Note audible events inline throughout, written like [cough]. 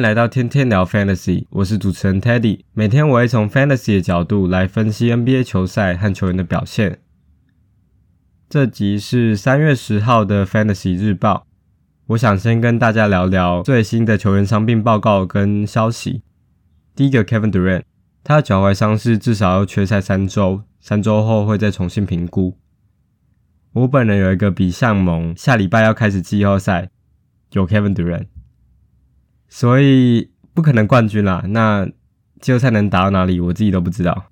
來到天天聊 Fantasy，我是主持人 Teddy。每天我會從 Fantasy 的角度來分析 NBA 球賽和球員的表現。這集是三月十號的 Fantasy 日報。我想先跟大家聊聊最新的球員傷病報告跟消息。第一個 Kevin Durant，他的腳踝傷勢至少要缺賽三周，三周後會再重新評估。我本人有一個比賽盟，下禮拜要開始季後賽，有 Kevin Durant。所以不可能冠軍啦。那季後賽能打到哪裡，我自己都不知道。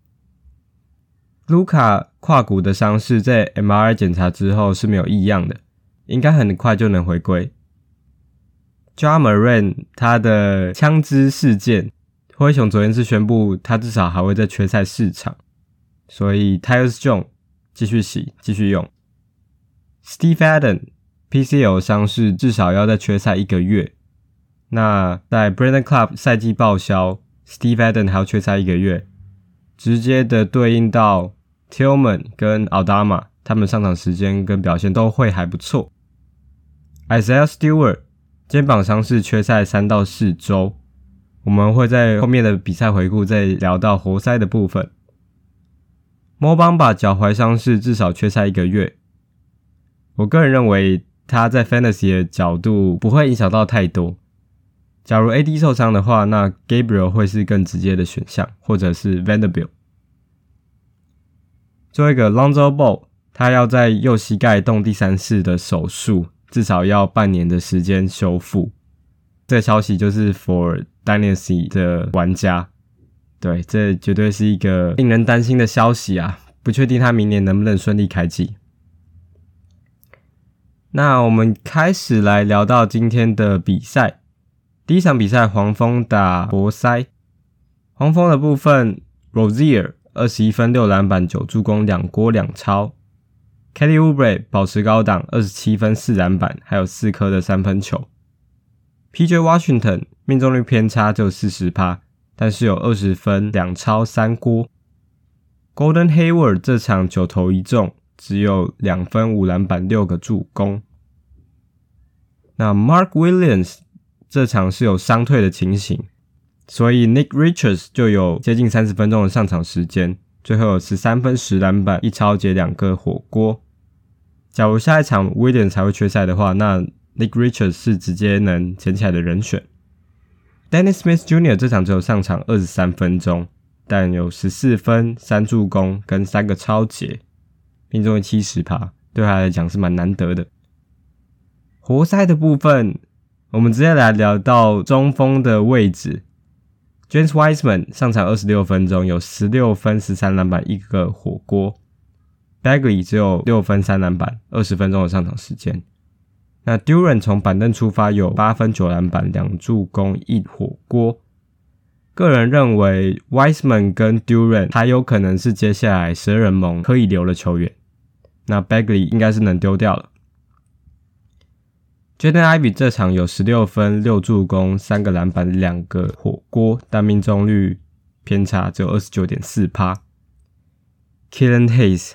盧卡胯骨的傷勢在 MRI 檢查之後是沒有異樣的，應該很快就能回歸。Ja Morant 他的槍支事件，灰熊昨天是宣布，他至少還會在缺賽四場，所以 Tyus Jones 繼續洗，繼續用。Steven Adams PCL 傷勢至少要在缺賽一個月。那在 Brandon Club 賽季報銷，Steve Adden 還要缺賽一個月，直接的對應到 Tillman 跟 Aldama 他們上場時間跟表現都會還不錯。Isaiah Stewart 肩膀傷勢缺賽三到四周，我們會在後面的比賽回顧再聊到活塞的部分。Mo Bamba 腳踝傷勢至少缺賽一個月，我個人認為他在 Fantasy 的角度不會影響到太多。假如 AD 受傷的話，那 Gabriel 會是更直接的選項，或者是 Vanderbilt。作為一個 Lonzo Ball，他要在右膝蓋動第三次的手術，至少要半年的時間修復。這個消息就是 For Dynasty 的玩家，對，這絕對是一個令人擔心的消息啊！不確定他明年能不能順利開季。那我們開始來聊到今天的比賽。第一場比賽，黃蜂打活塞。黃蜂的部分，Rozier 二十一分、六籃板、九助攻、兩鍋兩超。Kelly Oubre 保持高檔，二十七分、四籃板，還有四顆的三分球。P. J. Washington 命中率偏差就四十趴，但是有二十分、兩超三鍋。Golden Hayward 這場九投一中，只有兩分、五籃板、六個助攻。那 Mark Williams，這場是有傷退的情形，所以 Nick Richards 就有接近三十分鐘的上場時間，最後有十三分、十籃板、一抄截、兩個火鍋。假如下一場 Williams 才會缺賽的話，那 Nick Richards 是直接能撿起來的人選。Dennis Smith Jr 這場只有上場二十三分鐘，但有十四分、三助攻跟三個抄截，命中率七十趴，對他來講是蠻難得的。活塞的部分。我們直接來聊到中鋒的位置，James Wiseman 上場二十六分鐘，有十六分、十三籃板一個火鍋，Bagley 只有六分、三籃板，二十分鐘的上場時間。那 Duren 從板凳出發，有八分、九籃板、兩助攻一火鍋。個人認為，Wiseman 跟 Duren 還有可能是接下來十二人盟可以留的球員，那 Bagley 應該是能丟掉了。杰 Ivy 這場有十六分六助攻三個籃板兩個火鍋，但命中率偏差只有二十九點四趴。k i l l e n Hayes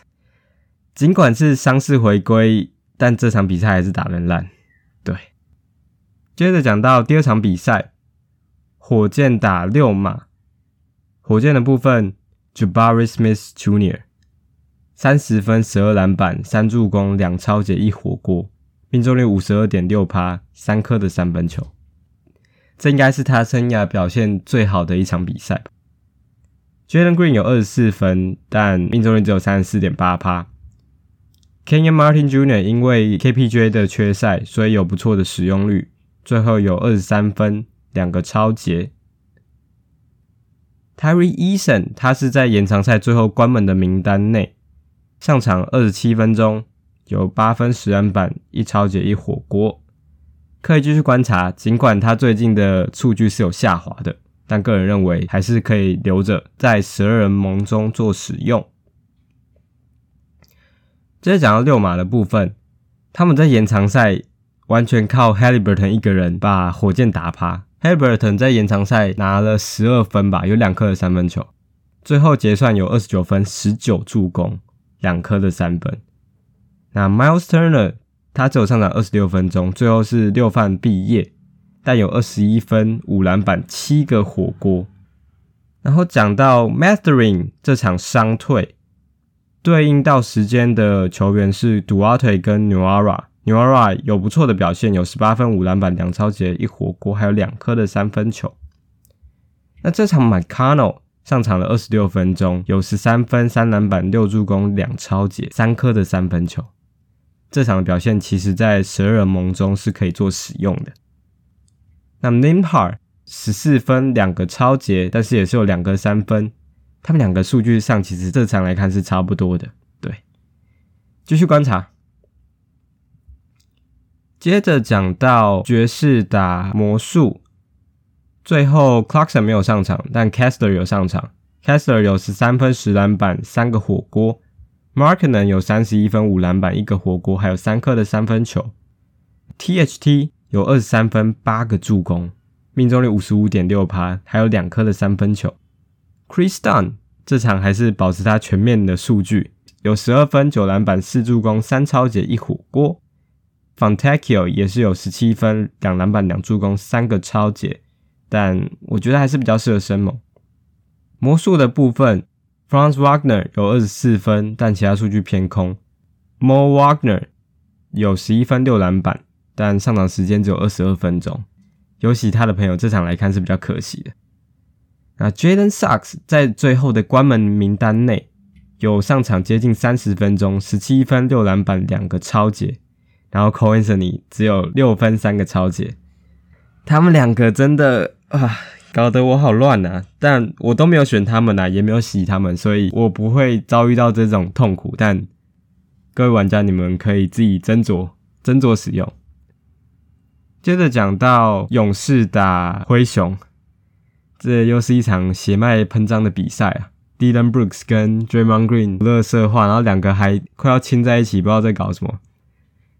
儘管是傷勢回歸，但這場比賽還是打人爛。對，接着講到第二場比賽，火箭打六馬，火箭的部分 Jubaris Smith Jr. 三十分十二籃板三助攻兩超解一火鍋。命中率五十二點六帕，三顆的三分球，這應該是他生涯表現最好的一場比賽。Jalen Green 有二十四分，但命中率只有三十四點八帕。Kenyon Martin Jr. 因為 KPJ 的缺賽，所以有不錯的使用率，最後有二十三分，兩個抄截。Tari Eason 他是在延長賽最後關門的名單內，上場二十七分鐘。有八分十籃板，一抄截一火鍋，可以繼續觀察。儘管他最近的數據是有下滑的，但個人認為還是可以留着在十二人盟中做使用。接着講到溜馬的部分，他們在延長賽完全靠 Haliburton 一個人把火箭打趴。 [laughs] Haliburton 在延長賽拿了十二分吧，有兩顆的三分球，最後結算有二十九分，十九助攻，兩顆的三分。那 Miles Turner 他只有上場二十六分鐘，最後是六犯畢業，但有二十一分、五籃板、七個火鍋。然後講到 Mathurin 這場傷退，對應到時間的球員是 Duarte 跟 Nwora Nwora 有不錯的表現，有十八分、五籃板、兩抄截、一火鍋，還有兩顆的三分球。那這場 McConnell 上場了二十六分鐘，有十三分、三籃板、六助攻、兩抄截、三顆的三分球。這場的表現其實在12人盟中是可以做使用的。那麼 Nimhar 十四分兩個抄截，但是也是有兩個三分，他們兩個數據上其實這場來看是差不多的。對，繼續觀察。接着講到爵士打魔術，最後 Clarkson 沒有上場，但 Kessler 有上場。Kessler 有十三分十籃板三個火鍋。Markkanen 有三十一分五籃板一個火鍋，還有三顆的三分球。THT 有二十三分八個助攻，命中率五十五點六趴，還有兩顆的三分球。Kris Dunn 這場還是保持他全面的數據，有十二分九籃板四助攻三抄截一火鍋。Fontecchio 也是有十七分兩籃板兩助攻三個抄截，但我覺得還是比較適合生猛。魔術的部分。Franz Wagner 有二十四分，但其他數據偏空。Mo Wagner 有十一分六籃板，但上場時間只有二十二分鐘，尤其他的朋友這場來看是比較可惜的。那 Jalen Suggs 在最後的關門名單內，有上場接近三十分鐘，十七分六籃板兩個抄截，然後 Cole Anthony 只有六分三個抄截，他們兩個真的啊。呃搞得我好亂吶、啊，但我都沒有選他們吶、啊，也沒有洗他們，所以我不會遭遇到這種痛苦。但各位玩家，你們可以自己斟酌斟酌使用。接着講到勇士打灰熊，這又是一場血脈噴張的比賽啊！Dylan Brooks 跟 Draymond Green 垃圾話，然後兩個還快要親在一起，不知道在搞什麼。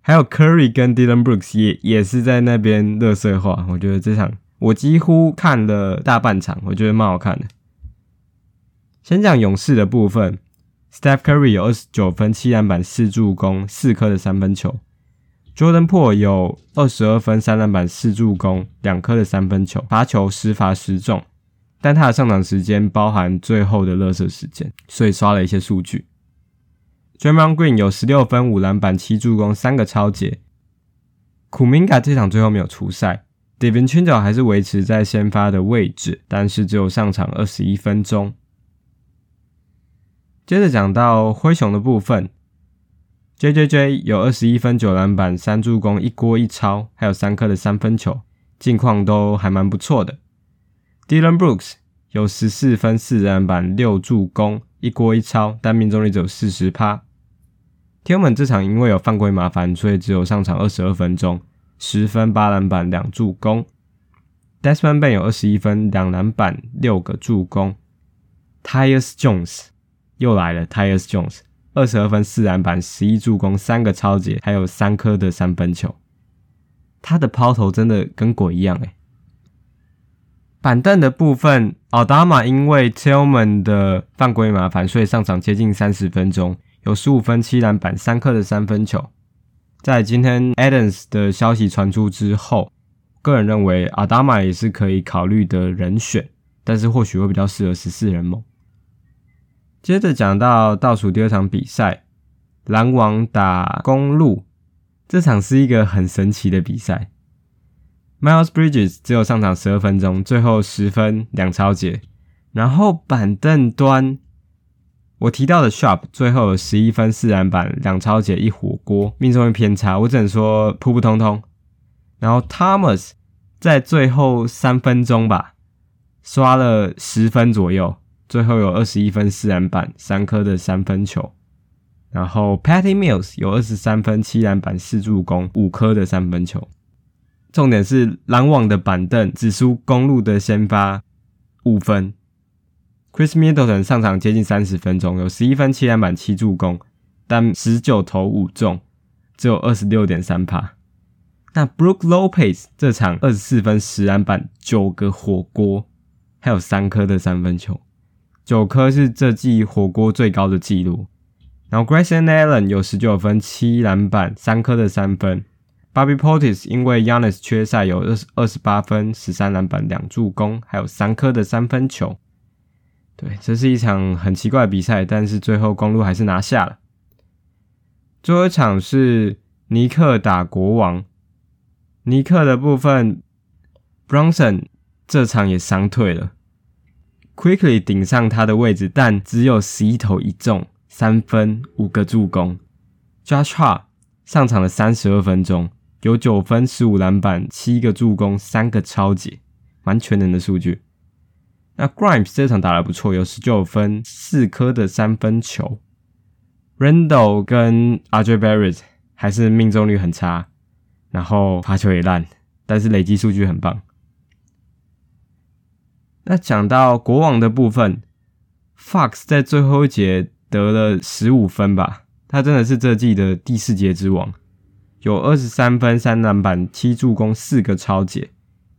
還有 Curry 跟 Dylan Brooks 也也是在那邊垃圾話，我覺得這場。我幾乎看了大半場，我覺得蠻好看的。先講勇士的部分，Steph Curry 有二十九分、七籃板、四助攻、四顆的三分球；Jordan Poole 有二十二分、三籃板、四助攻、兩顆的三分球，罰球十罰十中。但他的上場時間包含最後的垃圾時間，所以刷了一些數據。Draymond Green 有十六分、五籃板、七助攻、三個抄截。Kuminga 這場最後沒有出賽。s t 圈角還是維持在先發的位置，但是只有上場二十一分鐘。接着講到灰熊的部分，J J J 有二十一分九籃板三助攻一鍋一抄，還有三顆的三分球，近況都還蠻不錯的。Dillon Brooks 有十四分四籃板六助攻一鍋一抄，但命中率只有四十趴。Tillman 這場因為有犯規麻煩，所以只有上場二十二分鐘。十分八籃板兩助攻，Desmond Bane 有二十一分兩籃板六個助攻 Tyus Jones 又來了 Tyus Jones 二十二分四籃板十一助攻三個抄截，還有三顆的三分球，他的拋投真的跟鬼一樣誒。板凳的部分，奧達瑪因為 Tillman 的犯規麻煩，所以上場接近三十分鐘，有十五分七籃板三顆的三分球。在今天 Adams 的消息傳出之後，個人認為阿達瑪也是可以考慮的人選，但是或許會比較適合十四人夢。接着講到倒數第二場比賽，籃網打公鹿，這場是一個很神奇的比賽，Miles Bridges 只有上場十二分鐘，最後十分兩抄截，然後板凳端。我提到的 Sharp 最後有十一分、四籃板、兩抄截、一火鍋，命中率偏差，我只能說普普通通。然後 Thomas 在最後三分鐘吧，刷了十分左右，最後有二十一分、四籃板、三顆的三分球。然後 Patty Mills 有二十三分、七籃板、四助攻、五顆的三分球，重點是籃網的板凳只輸公路的先發五分。Chris Middleton 上場接近三十分鐘，有十一分、七籃板、七助攻，但十九投五中，只有二十六點三趴。那 Brook Lopez 這場二十四分、十籃板、九個火鍋，還有三顆的三分球，九顆是這季火鍋最高的紀錄。然後 Grayson Allen 有十九分、七籃板、三顆的三分。Bobby Portis 因為 Giannis 缺賽，有二二十八分、十三籃板、兩助攻，還有三顆的三分球。對，這是一場很奇怪的比賽，但是最後公鹿還是拿下了。最後一場是尼克打國王，尼克的部分，Bronson 這場也傷退了，Quickly 頂上他的位置，但只有十一投一中，三分五個助攻。Josh Hart 上場了三十二分鐘，有九分十五籃板七個助攻三個抄截，蠻全能的數據。那 Grimes 這場打得不錯，有十九分四顆的三分球。Randle 跟 RJ Barrett 還是命中率很差，然後罰球也爛，但是累積數據很棒。那講到國王的部分，Fox 在最後一節得了十五分吧，他真的是這季的第四節之王，有二十三分三籃板七助攻四個抄截，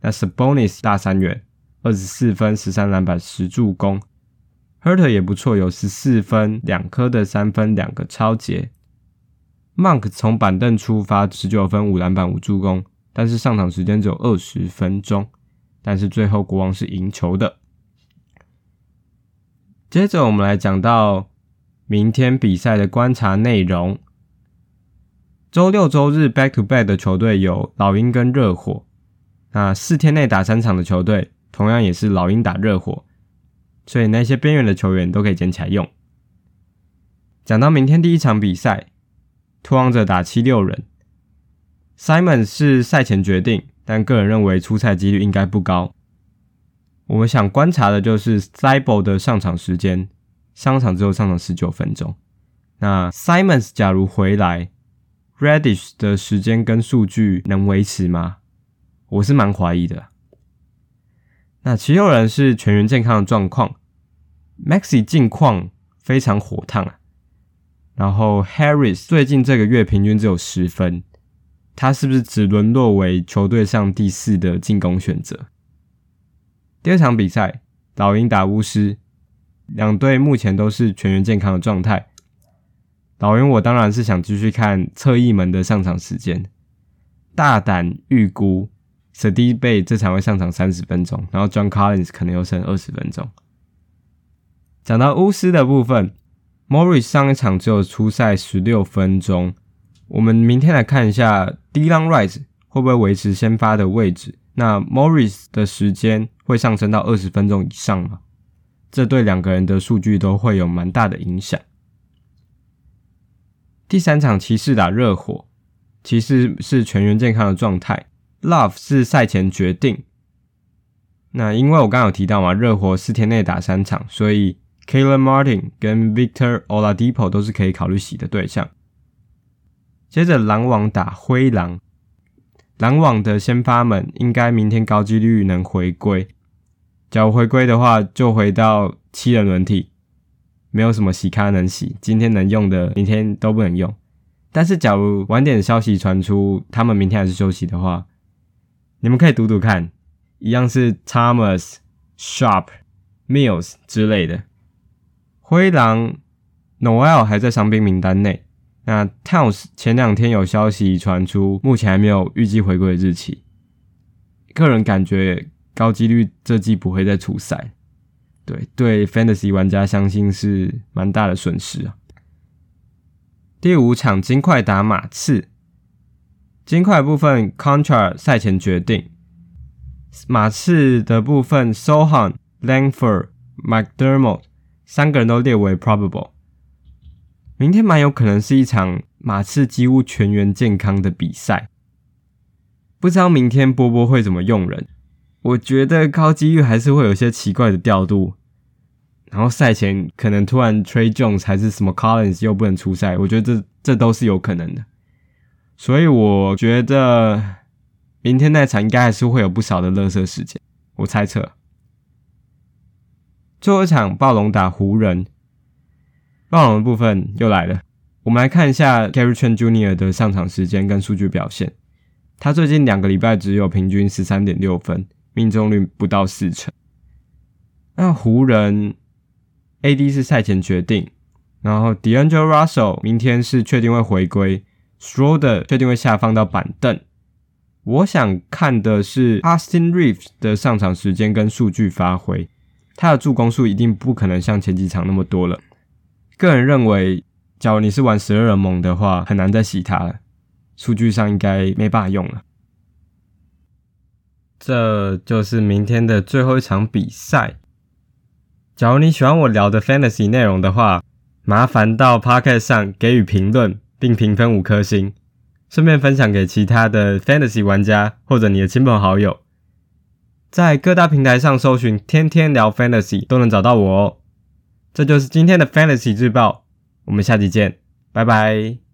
那 Sabonis 大三元。二十四分十三籃板十助攻，Huerter 也不錯，有十四分兩顆的三分兩個抄截。Monk 從板凳出發，十九分五籃板五助攻，但是上場時間只有二十分鐘。但是最後國王是贏球的。接着我們來講到明天比賽的觀察內容。周六周日 Back to Back 的球隊有老鷹跟熱火，那四天內打三場的球隊。同樣也是老鷹打熱火，所以那些邊緣的球員都可以撿起來用。講到明天第一場比賽，拓荒者打七六人，Simons 是賽前決定，但個人認為出賽幾率應該不高。我們想觀察的就是 Thybulle 的上場時間，上場之後上場十九分鐘。那 Simons 假如回來，Radish 的時間跟數據能維持嗎？我是蠻懷疑的。那其餘人是全員健康的狀況，Maxi 近況非常火燙啊，然後 Harris 最近這個月平均只有十分，他是不是只淪落為球隊上第四的進攻選擇？第二場比賽，老鷹打巫師，兩隊目前都是全員健康的狀態。老鷹我當然是想繼續看側翼門的上場時間，大膽預估。史迪貝這場會上場三十分鐘，然後 John Collins 可能又剩二十分鐘。講到巫師的部分，Morris 上一場只有出賽十六分鐘，我們明天來看一下 Delon Wright 會不會維持先發的位置，那 Morris 的時間會上升到二十分鐘以上嗎？這對兩個人的數據都會有蠻大的影響。第三場騎士打熱火，騎士是全員健康的狀態。Love 是賽前決定。那因為我剛剛有提到嘛，熱火四天內打三場，所以 Caleb Martin 跟 Victor Oladipo 都是可以考慮洗的對象。接着，籃網打灰狼，籃網的先發們應該明天高幾率能回歸。假如回歸的話，就回到七人輪替，沒有什麼洗咖能洗。今天能用的，明天都不能用。但是，假如晚點的消息傳出，他們明天還是休息的話，你們可以讀讀看，一樣是 Thomas、Shop、Mills 之類的。灰狼 Noel 還在傷兵名單內。那 Towns 前兩天有消息傳出，目前還沒有預計回歸的日期。個人感覺高幾率這季不會再出賽。對對，Fantasy 玩家相信是蠻大的損失啊。第五場金塊打馬刺。金塊部分 Contra 賽前決定，馬刺的部分 Sochan Langford McDermott 三個人都列為 probable。明天蠻有可能是一場馬刺幾乎全員健康的比賽，不知道明天波波會怎麼用人。我覺得高機率還是會有些奇怪的調度，然後賽前可能突然 Tre Jones 還是什麼 Collins 又不能出賽，我覺得這這都是有可能的。所以我覺得，明天那場應該還是會有不少的垃圾時間，我猜測，最後一場暴龍打湖人，暴龍的部分又來了。我們來看一下 Gary Trent Jr. 的上場時間跟數據表現。他最近兩個禮拜只有平均十三點六分，命中率不到四成。那湖人 AD 是賽前決定，然後 D'Angelo Russell 明天是確定會回歸。說的確定會下放到板凳。我想看的是 Austin Reeves 的上場時間跟數據發揮，他的助攻數一定不可能像前幾場那麼多了。個人認為，假如你是玩十二人盟的話，很難再洗他了，數據上應該沒辦法用了。這就是明天的最後一場比賽。假如你喜歡我聊的 Fantasy 內容的話，麻煩到 Podcast 上給予評論，並評分五顆星，順便分享給其他的 Fantasy 玩家或者你的親朋好友，在各大平台上搜尋“天天聊 Fantasy” 都能找到我哦。這就是今天的 Fantasy 日報，我們下期見，拜拜。